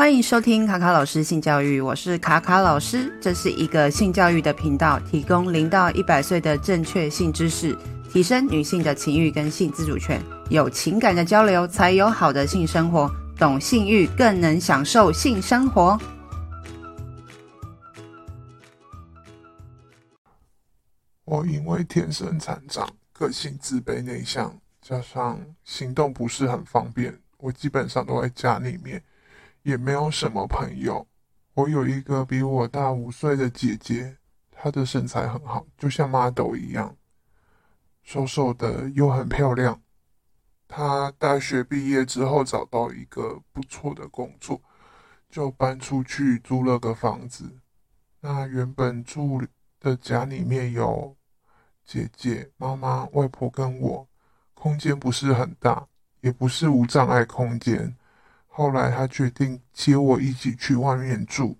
歡迎收聽卡卡老師性教育，我是卡卡老師，這是一個性教育的頻道，提供零到一百歲的正確性知識，提升女性的情欲跟性自主權，有情感的交流才有好的性生活，懂性欲更能享受性生活。我因為天生殘障，個性自卑內向，加上行動不是很方便，我基本上都在家裡面。也沒有什麼朋友。我有一個比我大五歲的姐姐，她的身材很好，就像 model 一樣，瘦瘦的又很漂亮。她大學畢業之後找到一個不錯的工作，就搬出去租了個房子。那原本住的家裡面有姐姐、媽媽、外婆跟我，空間不是很大，也不是無障礙空間。後來他決定接我一起去外面住。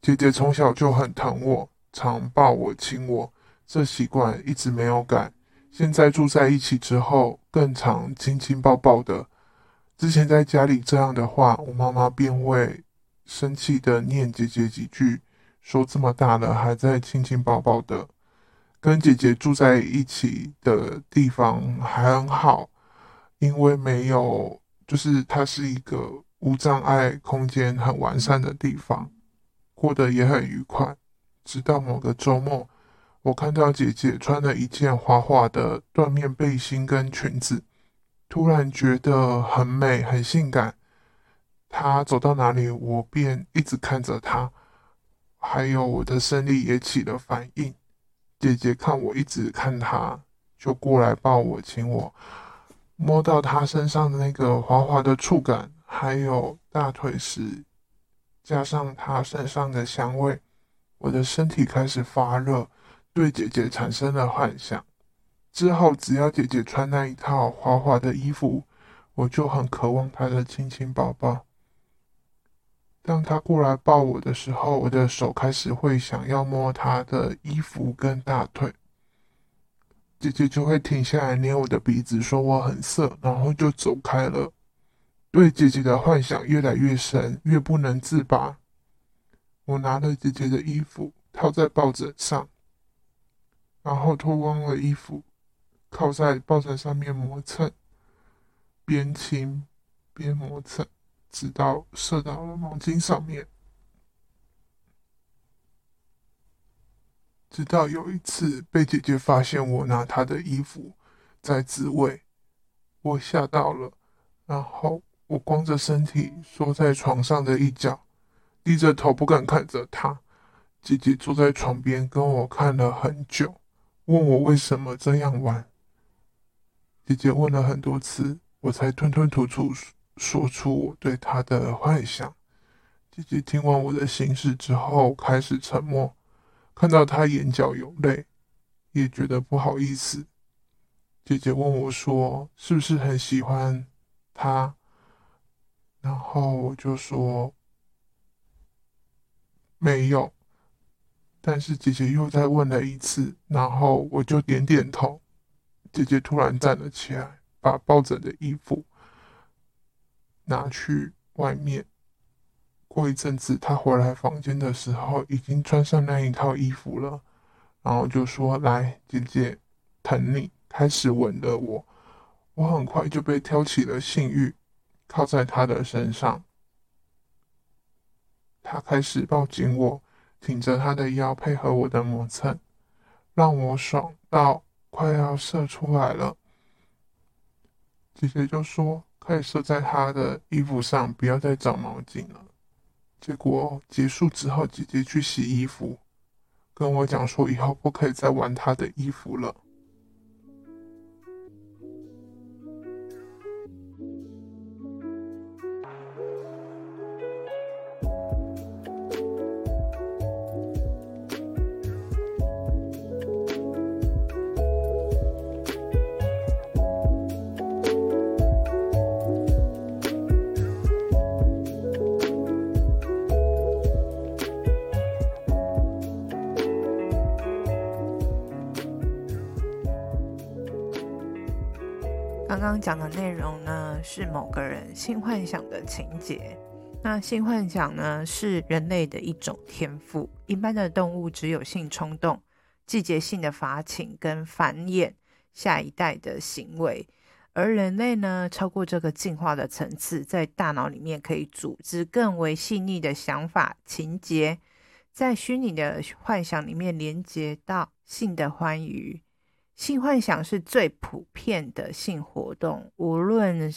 姐姐從小就很疼我，常抱我親我，這習慣一直沒有改。現在住在一起之後，更常親親抱抱的。之前在家裡這樣的話，我媽媽便會生氣的念姐姐幾句，說這麼大了還在親親抱抱的。跟姐姐住在一起的地方還很好，因為沒有，就是她是一個。無障礙空間很完善的地方，過得也很愉快。直到某個周末，我看到姐姐穿了一件滑滑的緞面背心跟裙子，突然覺得很美很性感。她走到哪裡，我便一直看着她，還有我的生理也起了反應。姐姐看我一直看她，就過來抱我親我，摸到她身上的那個滑滑的觸感。還有大腿時，加上她身上的香味，我的身體開始發熱，對姐姐產生了幻想。之後只要姐姐穿那一套滑滑的衣服，我就很渴望她的親親抱抱。當她過來抱我的時候，我的手開始會想要摸她的衣服跟大腿。姐姐就會停下來捏我的鼻子，說我很色，然後就走開了。對姐姐的幻想越來越深，越不能自拔。我拿了姐姐的衣服套在抱枕上，然後脫光了衣服，靠在抱枕上面磨蹭，邊親邊磨蹭，直到射到了毛巾上面。直到有一次被姐姐發現我拿她的衣服在自慰，我嚇到了，然後。我光着身體縮在床上的一角，低着頭不敢看着他。姐姐坐在床邊跟我看了很久，問我為什麼這樣玩。姐姐問了很多次，我才吞吞吐吐說出我對他的幻想。姐姐聽完我的心事之後開始沉默，看到她眼角有淚，也覺得不好意思。姐姐問我說：“是不是很喜歡他？”然後我就說沒有，但是姐姐又再問了一次，然後我就點點頭。姐姐突然站了起來，把抱枕的衣服拿去外面。過一陣子，她回來房間的時候，已經穿上那一套衣服了。然後就說：“來，姐姐疼你。”開始吻了我，我很快就被挑起了性慾。靠在他的身上，他開始抱緊我，挺着他的腰配合我的磨蹭，讓我爽到快要射出來了。姐姐就說可以射在他的衣服上，不要再找毛巾了。結果結束之後，姐姐去洗衣服，跟我講說以後不可以再玩他的衣服了。講的內容呢，是某個人性幻想的情節。那性幻想呢是人類的一種天賦。一般的動物只有性衝動、季節性的發情跟繁衍下一代的行為，而人類呢超過這個進化的層次，在大腦裡面可以組織更為細膩的想法情節，在虛擬的幻想裡面連結到性的歡愉。性幻想是最普遍的性活動，無論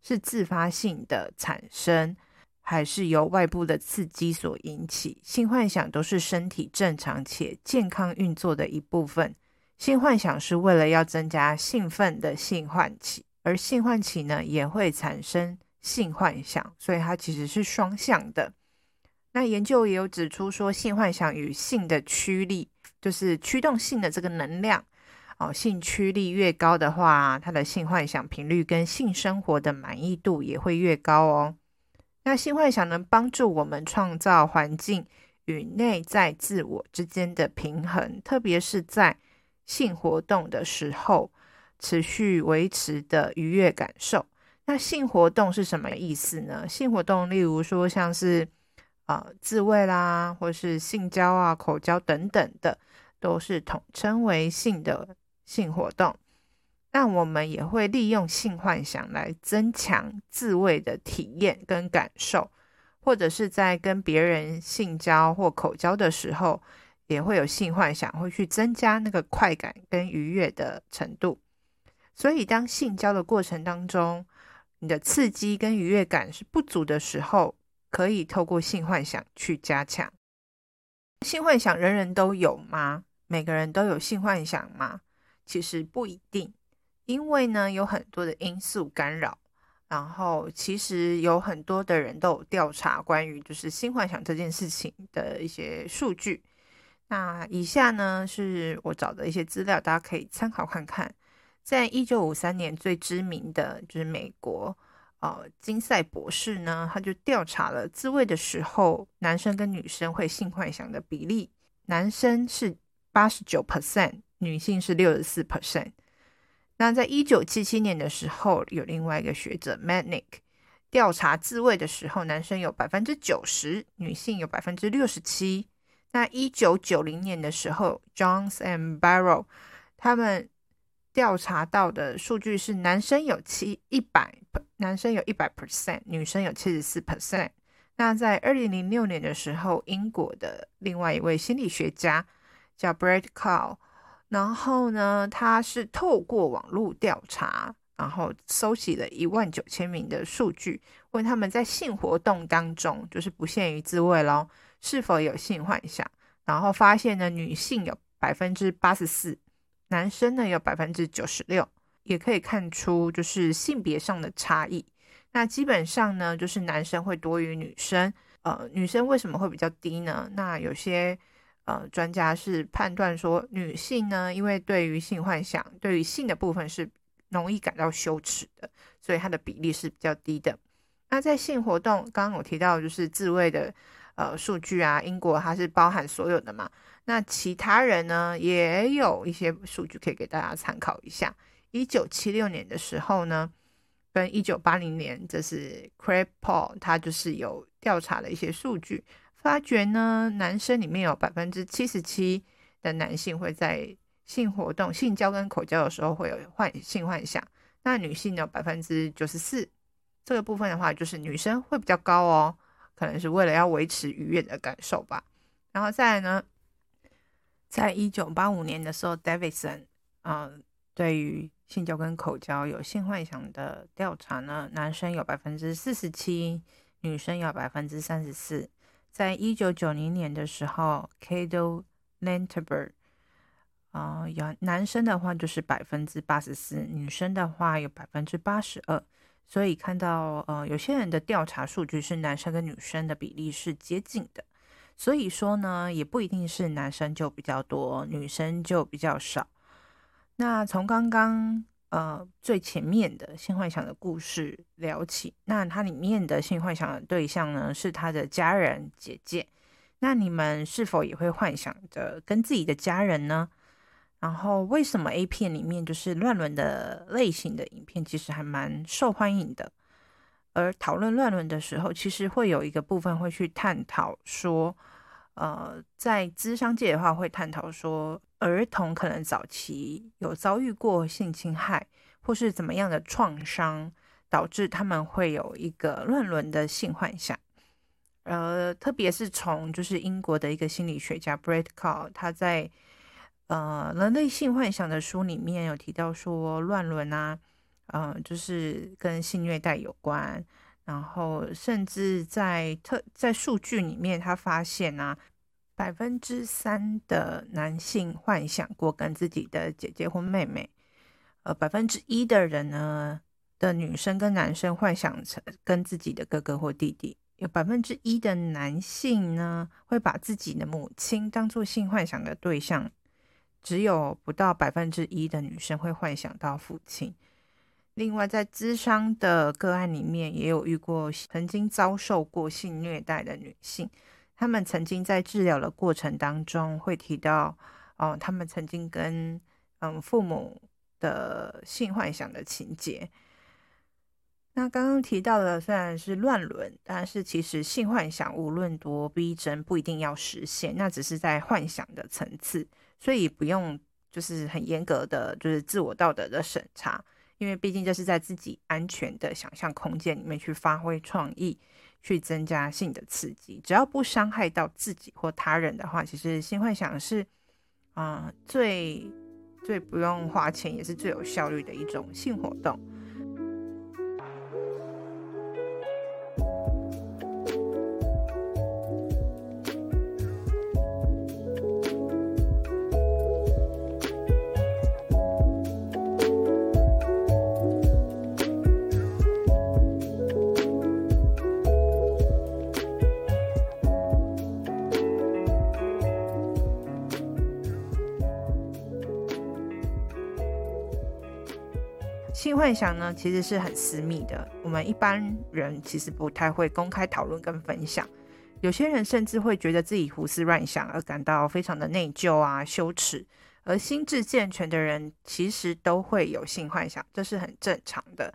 是自發性的產生，還是由外部的刺激所引起，性幻想都是身體正常且健康運作的一部分。性幻想是為了要增加興奮的性喚起，而性喚起呢也會產生性幻想，所以它其實是雙向的。那研究也有指出說，性幻想與性的驅力，就是驅動性的這個能量。性驅力越高的話，他的性幻想頻率跟性生活的滿意度也會越高哦。那性幻想能幫助我們創造環境與內在自我之間的平衡，特別是在性活動的時候，持續維持的愉悅感受。那性活動是什麼意思呢？性活動，例如說像是啊、呃、自慰啦，或是性交啊、口交等等的，都是統稱為性的。性活動，那我們也會利用性幻想來增強自慰的體驗跟感受，或者是在跟別人性交或口交的時候，也會有性幻想，會去增加那個快感跟愉悅的程度。所以，當性交的過程當中，你的刺激跟愉悅感是不足的時候，可以透過性幻想去加強。性幻想人人都有嗎？每個人都有性幻想嗎？其實不一定，因為呢有很多的因素干擾。然後其實有很多的人都有調查關於就是性幻想這件事情的一些數據。那以下呢是我找的一些資料，大家可以參考看看。在一九五三年，最知名的就是美國呃金賽博士呢，他就調查了自慰的時候男生跟女生會性幻想的比例，男生是八十九 percent。女性是六十四 percent。那在一九七七年的時候，有另外一個學者 Mannick 調查自慰的時候，男生有百分之九十，女性有百分之六十七。那一九九零年的時候，Jones and Barrow，他們調查到的數據是男生有七一百，100%, 男生有一百 percent，女生有七十四 percent。那在二零零六年的時候，英國的另外一位心理學家叫 Brad Call。然後呢，他是透過網絡調查，然後搜集了一萬九千名的數據，問他們在性活動當中，就是不限於自慰咯，是否有性幻想？然後發現呢，女性有百分之八十四，男生呢有百分之九十六，也可以看出就是性別上的差異。那基本上呢，就是男生會多於女生。呃，女生為什麼會比較低呢？那有些。呃，專家是判斷說，女性呢，因為對於性幻想、對於性的部分是容易感到羞恥的，所以它的比例是比較低的。那在性活動，剛剛我提到就是自慰的，呃，數據啊，英國它是包含所有的嘛。那其他人呢，也有一些數據可以給大家參考一下。一九七六年的時候呢，跟一九八零年，這是 Crepeau 他就是有調查的一些數據。發覺呢，男生裡面有百分之七十七的男性會在性活動、性交跟口交的時候會有幻性幻想。那女性呢，百分之九十四這個部分的話，就是女生會比較高哦，可能是為了要維持愉悅的感受吧。然後再來呢，在一九八五年的時候，Davidson 啊、呃，對於性交跟口交有性幻想的調查呢，男生有百分之四十七，女生有百分之三十四。在一九九零年的時候，Kado Lantaber 啊，有男生的話就是百分之八十四，女生的話有百分之八十二，所以看到呃，有些人的調查數據是男生跟女生的比例是接近的，所以說呢，也不一定是男生就比較多，女生就比較少。那從剛剛。呃，最前面的性幻想的故事聊起，那它裡面的性幻想的對象呢，是他的家人姐姐。那你們是否也會幻想着跟自己的家人呢？然後，為什麼 A 片裡面就是亂倫的類型的影片，其實還蠻受歡迎的？而討論亂倫的時候，其實會有一個部分會去探討說。呃，在諮商界的話，會探討說，兒童可能早期有遭遇過性侵害，或是怎麼樣的創傷，導致他們會有一個亂倫的性幻想。呃，特別是從就是英國的一個心理學家 Brett Kahr 他在呃《人類性幻想》的書裡面有提到說，亂倫啊，嗯、呃，就是跟性虐待有關。然後，甚至在特在數據裡面，他發現啊，百分之三的男性幻想過跟自己的姐姐或妹妹，呃，百分之一的人呢的女生跟男生幻想成跟自己的哥哥或弟弟，有百分之一的男性呢會把自己的母親當做性幻想的對象，只有不到百分之一的女生會幻想到父親。另外，在諮商的個案裡面，也有遇過曾經遭受過性虐待的女性，她們曾經在治療的過程當中會提到，哦、呃，她們曾經跟嗯父母的性幻想的情節。那剛剛提到的雖然是亂倫，但是其實性幻想無論多逼真，不一定要實現，那只是在幻想的層次，所以不用就是很嚴格的，就是自我道德的審查。因為畢竟這是在自己安全的想象空間裡面去發揮創意，去增加性的刺激，只要不傷害到自己或他人的話，其實性幻想是，啊、呃、最最不用花錢，也是最有效率的一種性活動。性幻想呢，其實是很私密的，我們一般人其實不太會公開討論跟分享。有些人甚至會覺得自己胡思亂想而感到非常的內疚啊、羞恥。而心智健全的人其實都會有性幻想，這是很正常的。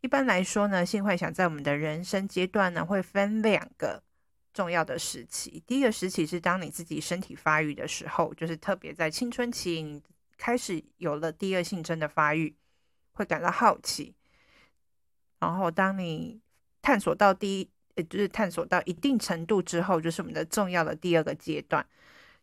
一般來說呢，性幻想在我們的人生階段呢，會分兩個重要的時期。第一個時期是當你自己身體發育的時候，就是特別在青春期，你開始有了第二性徵的發育。會感到好奇，然後當你探索到第一，呃，就是探索到一定程度之後，就是我們的重要的第二個階段，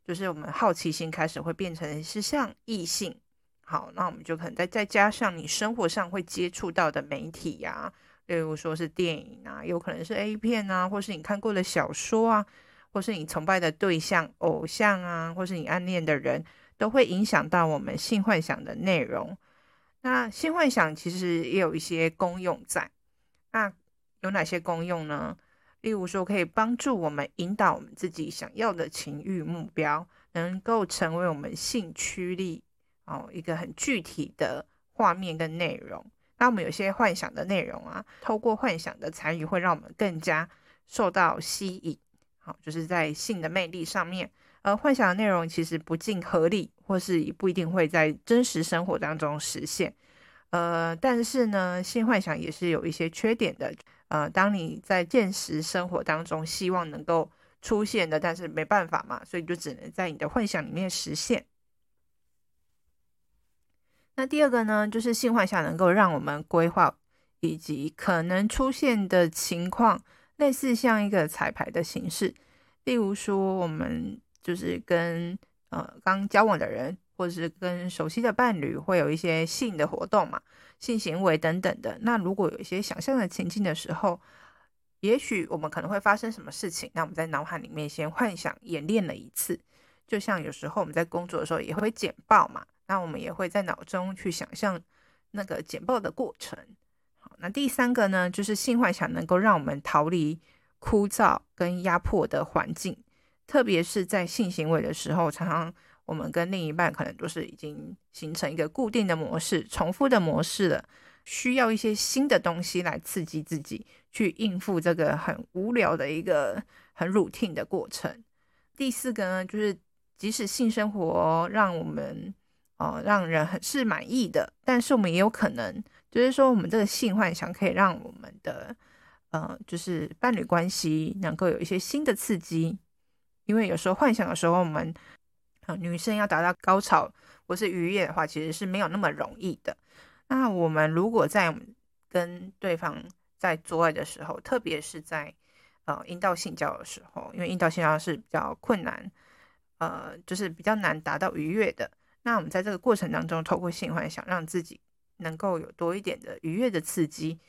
就是我們好奇心開始會變成是像異性。好，那我們就可能再再加上你生活上會接觸到的媒體呀、啊，例如說是電影啊，有可能是 A 片啊，或是你看過的小說啊，或是你崇拜的對象、偶像啊，或是你暗戀的人都會影響到我們性幻想的內容。那性幻想其實也有一些功用在，那有哪些功用呢？例如說，可以幫助我們引導我們自己想要的情欲目標，能夠成為我們性驅力哦，一個很具體的畫面跟內容。那我們有些幻想的內容啊，透過幻想的參與，會讓我們更加受到吸引，好，哦，就是在性的魅力上面。呃，幻想的內容其實不盡合理，或是不一定會在真實生活當中實現。呃，但是呢，性幻想也是有一些缺點的。呃，當你在現實生活當中希望能夠出現的，但是沒辦法嘛，所以就只能在你的幻想裡面實現。那第二個呢，就是性幻想能夠讓我們規劃以及可能出現的情況，類似像一個彩排的形式。例如說，我們。就是跟呃剛交往的人，或者是跟熟悉的伴侶，會有一些性的活動嘛，性行為等等的。那如果有一些想象的情境的時候，也許我們可能會發生什麼事情？那我們在腦海裡面先幻想演練了一次，就像有時候我們在工作的時候也會簡報嘛，那我們也會在腦中去想象那個簡報的過程。好，那第三個呢，就是性幻想能夠讓我們逃離枯燥跟壓迫的環境。特別是在性行為的時候，常常我們跟另一半可能都是已經形成一個固定的模式、重複的模式了，需要一些新的東西來刺激自己，去應付這個很無聊的一個很 routine 的過程。第四個呢，就是即使性生活讓我們呃讓人很是滿意的，但是我們也有可能就是說，我們這個性幻想可以讓我們的呃就是伴侶關係能夠有一些新的刺激。因為有時候幻想的時候，我們呃女生要達到高潮或是愉悅的話，其實是沒有那麼容易的。那我們如果在跟對方在做愛的時候，特別是在呃陰道性交的時候，因為陰道性交是比較困難，呃，就是比較難達到愉悅的。那我們在這個過程當中，透過性幻想讓自己能夠有多一點的愉悅的刺激，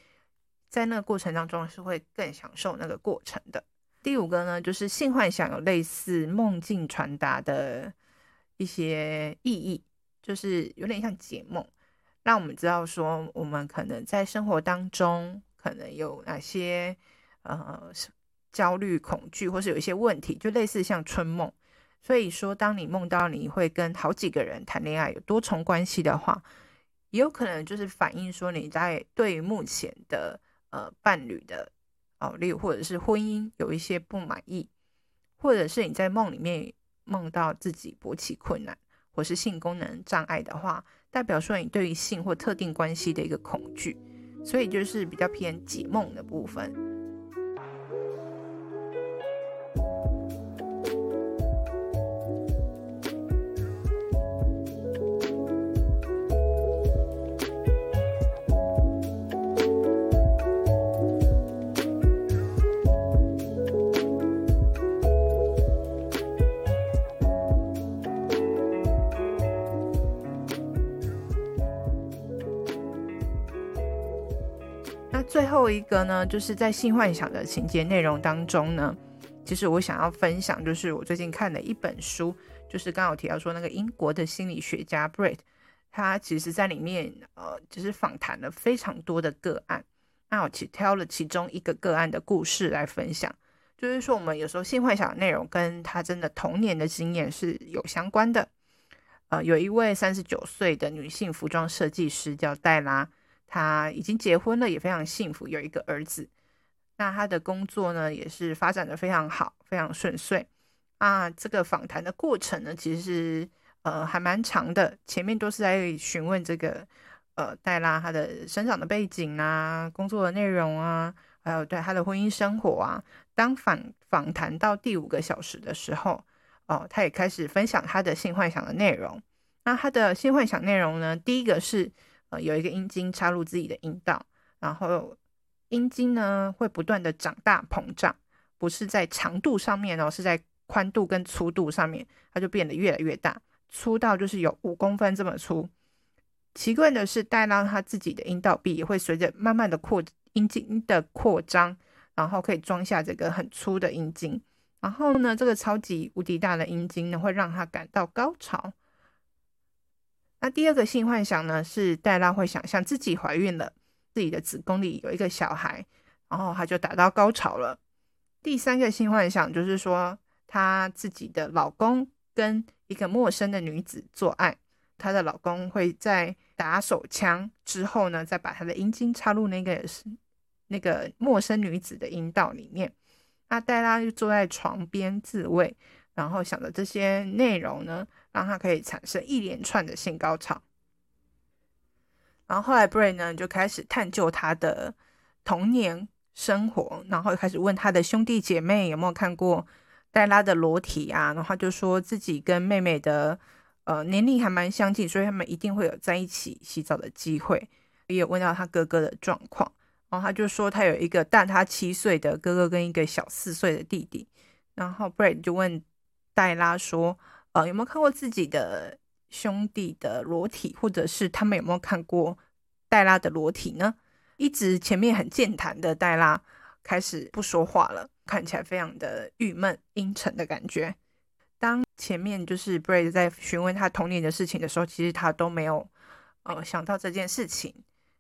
在那個過程當中是會更享受那個過程的。第五個呢，就是性幻想有類似夢境傳達的一些意義，就是有點像解夢，讓我們知道說我們可能在生活當中可能有哪些呃焦慮、恐懼，或是有一些問題，就類似像春夢。所以說，當你夢到你會跟好幾個人談戀愛，有多重關係的話，也有可能就是反映說你在對於目前的呃伴侶的。例如或者是婚姻有一些不滿意，或者是你在夢裡面夢到自己勃起困難，或是性功能障礙的話，代表說你對於性或特定關係的一個恐懼，所以就是比較偏解夢的部分。最後一個呢，就是在性幻想的情節內容當中呢，其實我想要分享，就是我最近看的一本書，就是剛剛提到說那個英國的心理學家 Brett，他其實在裡面呃，就是訪談了非常多的個案，那我其實挑了其中一個個案的故事來分享，就是說我們有時候性幻想的內容跟他真的童年的經驗是有相關的。呃，有一位三十九歲的女性服裝設計師叫戴拉。他已經結婚了，也非常幸福，有一個兒子。那他的工作呢，也是發展得非常好，非常順遂。啊，這個訪談的過程呢，其實呃還蠻長的，前面都是在詢問這個呃黛拉他的生長的背景啊，工作的內容啊，還有對他的婚姻生活啊。當訪訪談到第五個小時的時候，哦、呃，他也開始分享他的性幻想的內容。那他的性幻想內容呢，第一個是。呃，有一個陰莖插入自己的陰道，然後陰莖呢會不斷的長大膨脹，不是在長度上面哦，是在寬度跟粗度上面，它就變得越來越大，粗到就是有五公分這麼粗。奇怪的是，戴拉他自己的陰道壁也會隨着慢慢的擴陰莖的擴張，然後可以裝下這個很粗的陰莖。然後呢，這個超級無敵大的陰莖呢，會讓他感到高潮。那第二個性幻想呢，是黛拉會想象自己懷孕了，自己的子宮裡有一個小孩，然後她就達到高潮了。第三個性幻想就是說，她自己的老公跟一個陌生的女子做愛，她的老公會在打手槍之後呢，再把他的陰莖插入那個那個陌生女子的陰道裡面。那黛拉就坐在床邊自慰，然後想着這些內容呢。讓他可以產生一連串的性高潮。然後後來 b r 呢就開始探究他的童年生活，然後又開始問他的兄弟姐妹有沒有看過黛拉的裸體啊。然後他就說自己跟妹妹的呃年齡還蠻相近，所以他們一定會有在一起洗澡的機會。也有問到他哥哥的狀況，然後他就說他有一個大他七歲的哥哥跟一個小四歲的弟弟。然後 b r 就問黛拉說，呃，有沒有看過自己的兄弟的裸體，或者是他們有沒有看過黛拉的裸體呢？一直前面很健談的黛拉開始不說話了，看起來非常的鬱悶、陰沉的感覺。當前面就是 Braid 在詢問他童年的事情的時候，其實他都沒有呃想到這件事情，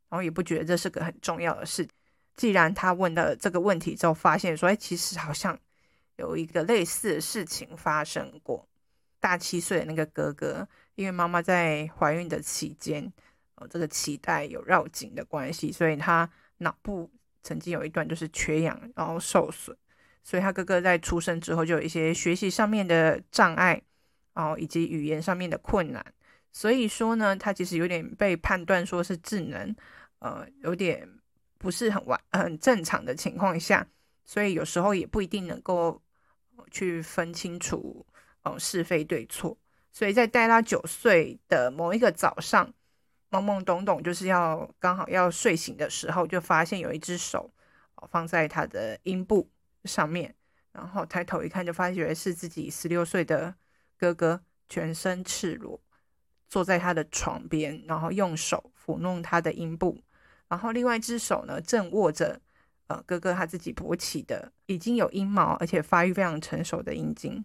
然後也不覺得這是個很重要的事。既然他問了這個問題之後，發現說，哎、欸，其實好像有一個類似的事情發生過。大七歲的那個哥哥，因為媽媽在懷孕的期間哦，這個臍帶有繞頸的關係，所以他腦部曾經有一段就是缺氧，然後受損，所以他哥哥在出生之後就有一些學習上面的障礙，然後，哦，以及語言上面的困難，所以說呢，他其實有點被判斷說是智能，呃，有點不是很完很正常的情況下，所以有時候也不一定能夠去分清楚。嗯、哦，是非對錯，所以在戴拉九歲的某一個早上，懵懵懂懂，就是要剛好要睡醒的時候，就發現有一隻手，哦、放在他的陰部上面，然後抬頭一看，就發覺是自己十六歲的哥哥，全身赤裸坐在他的床邊，然後用手撫弄他的陰部，然後另外一隻手呢，正握着呃、哦、哥哥他自己勃起的已經有陰毛而且發育非常成熟的陰莖。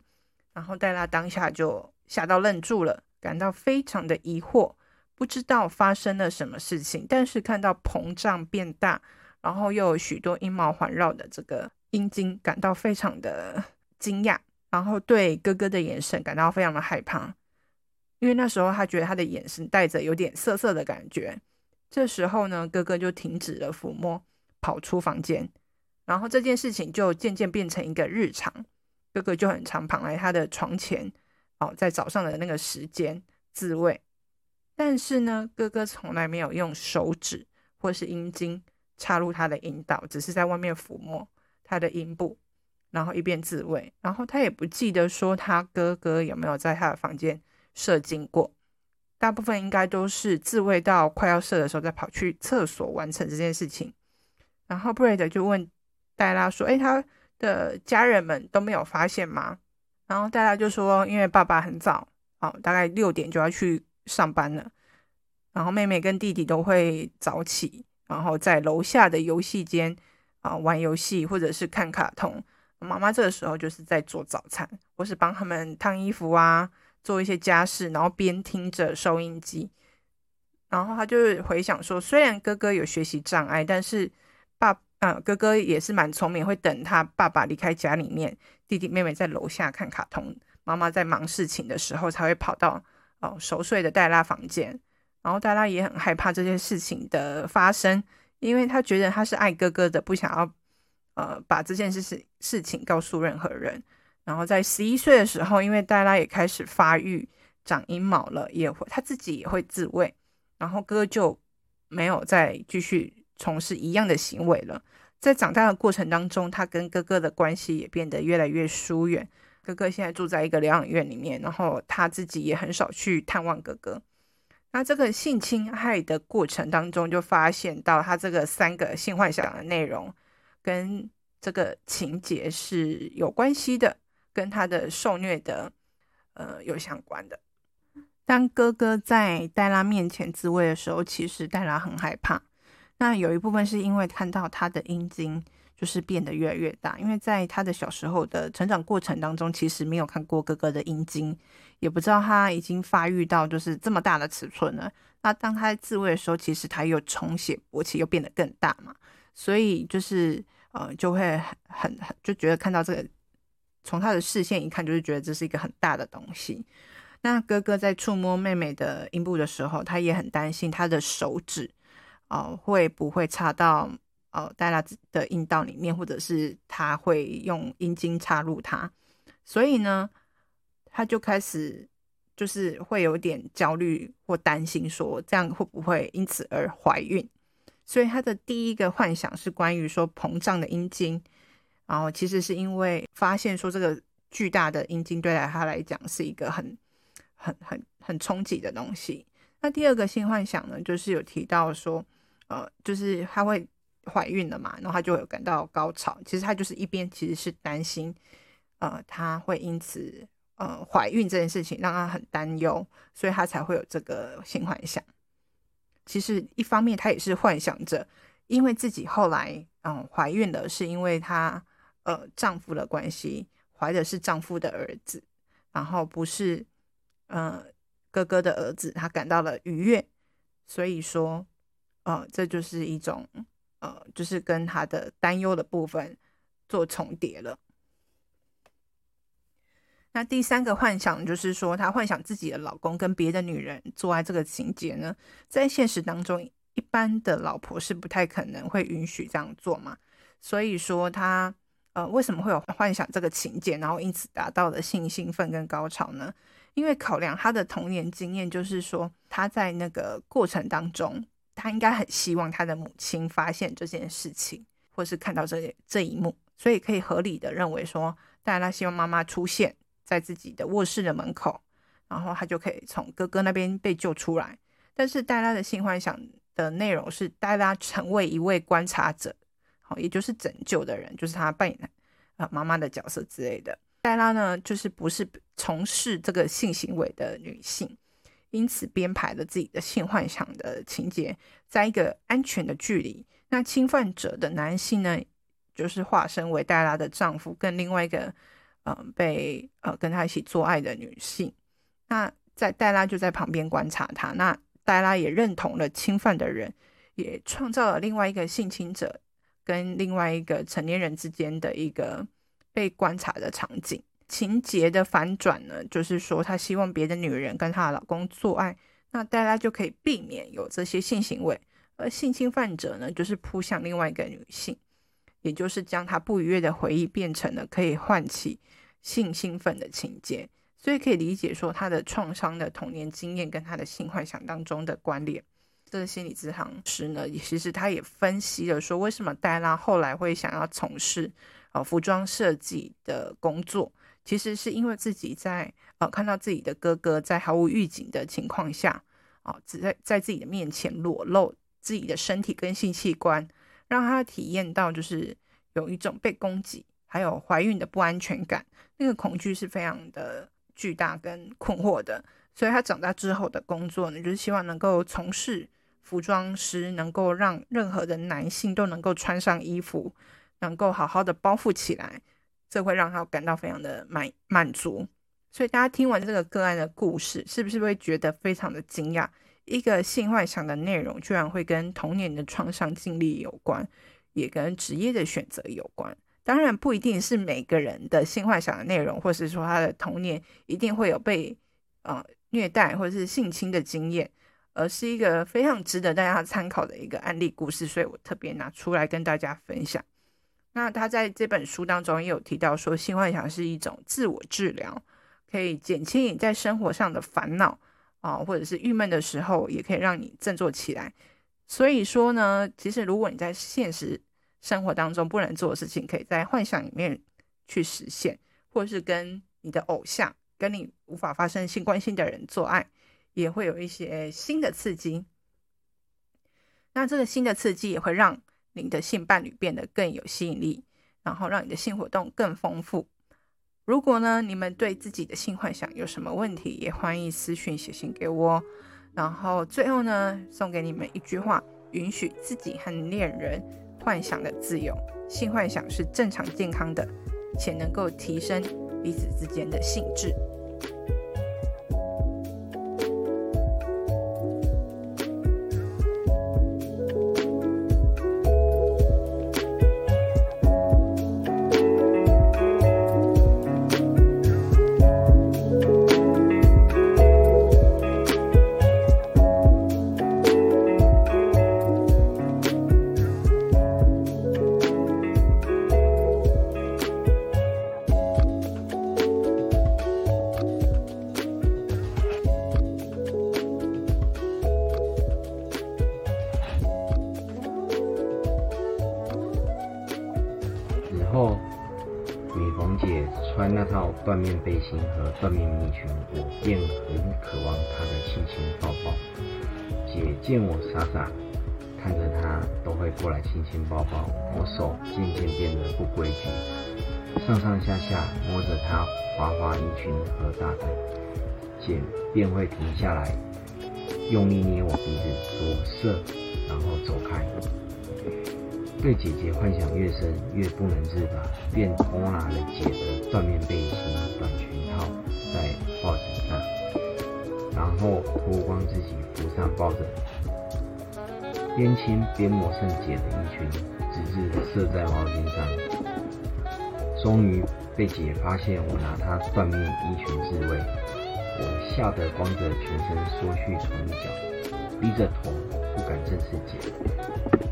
然後黛拉當下就嚇到愣住了，感到非常的疑惑，不知道發生了什麼事情。但是看到膨脹變大，然後又有許多陰毛環繞的這個陰莖，感到非常的驚訝，然後對哥哥的眼神感到非常的害怕，因為那時候他覺得他的眼神帶着有點澀澀的感覺。這時候呢，哥哥就停止了撫摸，跑出房間，然後這件事情就漸漸變成一個日常。哥哥就很常跑來他的床前，哦，在早上的那個時間自慰。但是呢，哥哥從來沒有用手指或是陰莖插入他的陰道，只是在外面撫摸他的陰部，然後一邊自慰。然後他也不記得說他哥哥有沒有在他的房間射精過。大部分應該都是自慰到快要射的時候，再跑去廁所完成這件事情。然後布雷德就問黛拉說：“哎、欸，他？”的家人們都沒有發現嗎？然後大家就說，因為爸爸很早，好、哦，大概六點就要去上班了。然後妹妹跟弟弟都會早起，然後在樓下的遊戲間啊、哦、玩遊戲，或者是看卡通。媽媽這個時候就是在做早餐，或是幫他們燙衣服啊，做一些家事，然後邊聽着收音機。然後他就回想說，雖然哥哥有學習障礙，但是。嗯、啊，哥哥也是蠻聰明，會等他爸爸離開家裡面，弟弟妹妹在樓下看卡通，媽媽在忙事情的時候，才會跑到哦、呃、熟睡的黛拉房間。然後黛拉也很害怕這件事情的發生，因為他覺得他是愛哥哥的，不想要呃把這件事事事情告訴任何人。然後在十一歲的時候，因為黛拉也開始發育長陰毛了，也會他自己也會自慰，然後哥哥就沒有再繼續從事一樣的行為了。在長大的過程當中，他跟哥哥的關係也變得越來越疏遠。哥哥現在住在一個療養院裡面，然後他自己也很少去探望哥哥。那這個性侵害的過程當中，就發現到他這個三個性幻想的內容跟這個情節是有關係的，跟他的受虐的呃有相關的。當哥哥在黛拉面前自慰的時候，其實黛拉很害怕。那有一部分是因為看到他的陰莖，就是變得越來越大，因為在他的小時候的成長過程當中，其實沒有看過哥哥的陰莖，也不知道他已經發育到就是這麼大的尺寸了。那當他自慰的時候，其實他又充血勃起，又變得更大嘛，所以就是呃，就會很很就覺得看到這個，從他的視線一看，就是覺得這是一個很大的東西。那哥哥在觸摸妹妹的陰部的時候，他也很擔心他的手指，哦，會不會插到哦，大家的陰道裡面，或者是他會用陰莖插入他，所以呢，他就開始就是會有點焦慮或擔心，說這樣會不會因此而懷孕？所以他的第一個幻想是關於說膨脹的陰莖，然後，哦，其實是因為發現說這個巨大的陰莖對待他來講是一個很很很很衝擊的東西。那第二個性幻想呢，就是有提到說，呃，就是她會懷孕了嘛，然後她就會有感到高潮。其實她就是一邊其實是擔心，呃，她會因此呃懷孕這件事情讓她很擔憂，所以她才會有這個性幻想。其實一方面她也是幻想着，因為自己後來嗯、呃、懷孕了，是因為她呃丈夫的關係，懷的是丈夫的兒子，然後不是呃哥哥的兒子，她感到了愉悅，所以說。呃，這就是一種呃，就是跟他的擔憂的部分做重疊了。那第三個幻想就是說，他幻想自己的老公跟別的女人做愛這個情節呢，在現實當中，一般的老婆是不太可能會允許這樣做嘛。所以說他，他呃，為什麼會有幻想這個情節，然後因此達到了性興奮跟高潮呢？因為考量他的童年經驗，就是說他在那個過程當中。他應該很希望他的母親發現這件事情，或是看到這這一幕，所以可以合理的認為說，黛拉希望媽媽出現在自己的臥室的門口，然後他就可以從哥哥那邊被救出來。但是黛拉的性幻想的內容是黛拉成為一位觀察者，哦，也就是拯救的人，就是他扮演媽媽的角色之類的。黛拉呢，就是不是從事這個性行為的女性。因此編排了自己的性幻想的情節，在一個安全的距離。那侵犯者的男性呢，就是化身為黛拉的丈夫，跟另外一個，嗯、呃、被呃跟他一起做愛的女性。那在黛拉就在旁邊觀察他。那黛拉也認同了侵犯的人，也創造了另外一個性侵者跟另外一個成年人之間的一個被觀察的場景。情節的反轉呢，就是說她希望別的女人跟她的老公做愛，那黛拉就可以避免有這些性行為。而性侵犯者呢，就是撲向另外一個女性，也就是將她不愉悅的回憶變成了可以喚起性興奮的情節。所以可以理解說她的創傷的童年經驗跟她的性幻想當中的關聯。這個心理諮詢師呢，其實他也分析了說，為什麼黛拉後來會想要從事呃服裝設計的工作。其實是因為自己在呃看到自己的哥哥在毫無預警的情況下，啊、呃，只在在自己的面前裸露自己的身體跟性器官，讓他體驗到就是有一種被攻擊，還有懷孕的不安全感，那個恐懼是非常的巨大跟困惑的。所以他長大之後的工作呢，就是希望能夠從事服裝師，能夠讓任何的男性都能夠穿上衣服，能夠好好的包覆起來。這會讓他感到非常的滿滿足，所以大家聽完這個個案的故事，是不是會覺得非常的驚訝？一個性幻想的內容居然會跟童年的創傷經歷有關，也跟職業的選擇有關。當然，不一定是每個人的性幻想的內容，或是說他的童年一定會有被呃虐待或者是性侵的經驗，而是一個非常值得大家參考的一個案例故事，所以我特別拿出來跟大家分享。那他在這本書當中也有提到說，性幻想是一種自我治療，可以減輕你在生活上的煩惱啊、呃，或者是鬱悶的時候，也可以讓你振作起來。所以說呢，其實如果你在現實生活當中不能做的事情，可以在幻想裡面去實現，或是跟你的偶像、跟你無法發生性關係的人做愛，也會有一些新的刺激。那這個新的刺激也會讓你的性伴侶變得更有吸引力，然後讓你的性活動更豐富。如果呢，你們對自己的性幻想有什麼問題，也歡迎私訊寫信給我。然後最後呢，送給你們一句話：允許自己和戀人幻想的自由。性幻想是正常健康的，且能夠提升彼此之間的興致。我便很渴望她的親親抱抱，姐見我傻傻看着她，都會過來親親抱抱。我手漸漸變得不規矩，上上下下摸着她滑滑衣裙和大腿，姐便會停下來，用力捏我鼻子左射，然後走開。對姐姐幻想越深，越不能自拔，便偷拿了姐的緞面背心。然後脫光自己，扶上抱枕，邊親邊抹上姐的衣裙，直至射在毛巾上。終於被姐發現我拿她緞面衣裙自慰，我嚇得光着全身縮去床角，低着頭不敢正視姐。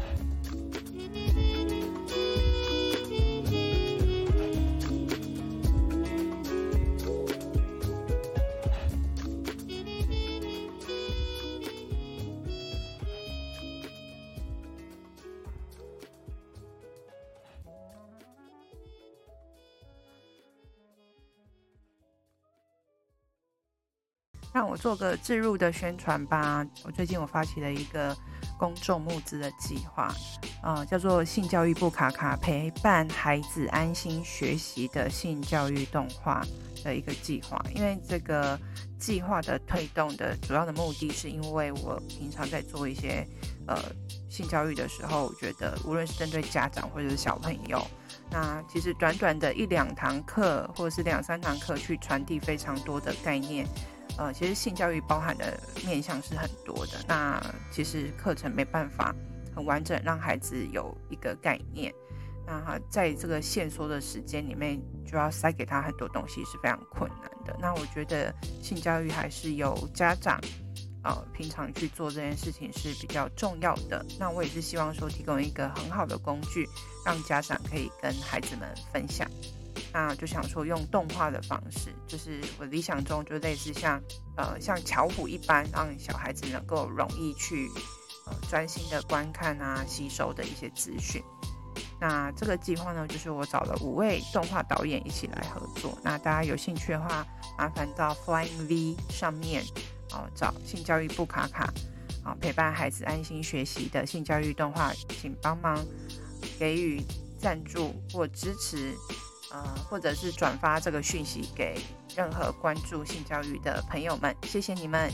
讓我做個置入的宣傳吧。我最近我發起了一個公眾募資的計劃，啊，叫做“性教育部卡卡陪伴孩子安心學習的性教育動畫”的一個計劃。因為這個計劃的推動的主要的目的是，因為我平常在做一些呃性教育的時候，我覺得無論是針對家長或者是小朋友，那其實短短的一兩堂課或者是兩三堂課去傳遞非常多的概念。呃，其實性教育包含的面向是很多的，那其實課程沒辦法很完整讓孩子有一個概念，那在這個限縮的時間裡面，就要塞給他很多東西是非常困難的。那我覺得性教育還是由家長，呃，平常去做這件事情是比較重要的。那我也是希望說提供一個很好的工具，讓家長可以跟孩子們分享。那就想說用動畫的方式，就是我理想中就類似像呃像巧虎一般，讓小孩子能夠容易去呃專心的觀看啊吸收的一些資訊。那這個計劃呢，就是我找了五位動畫導演一起來合作。那大家有興趣的話，麻煩到 Flying V 上面哦找性教育不卡卡啊，哦，陪伴孩子安心學習的性教育動畫，請幫忙給予贊助或支持。啊、呃，或者是轉發這個訊息給任何關注性教育的朋友們，謝謝你們。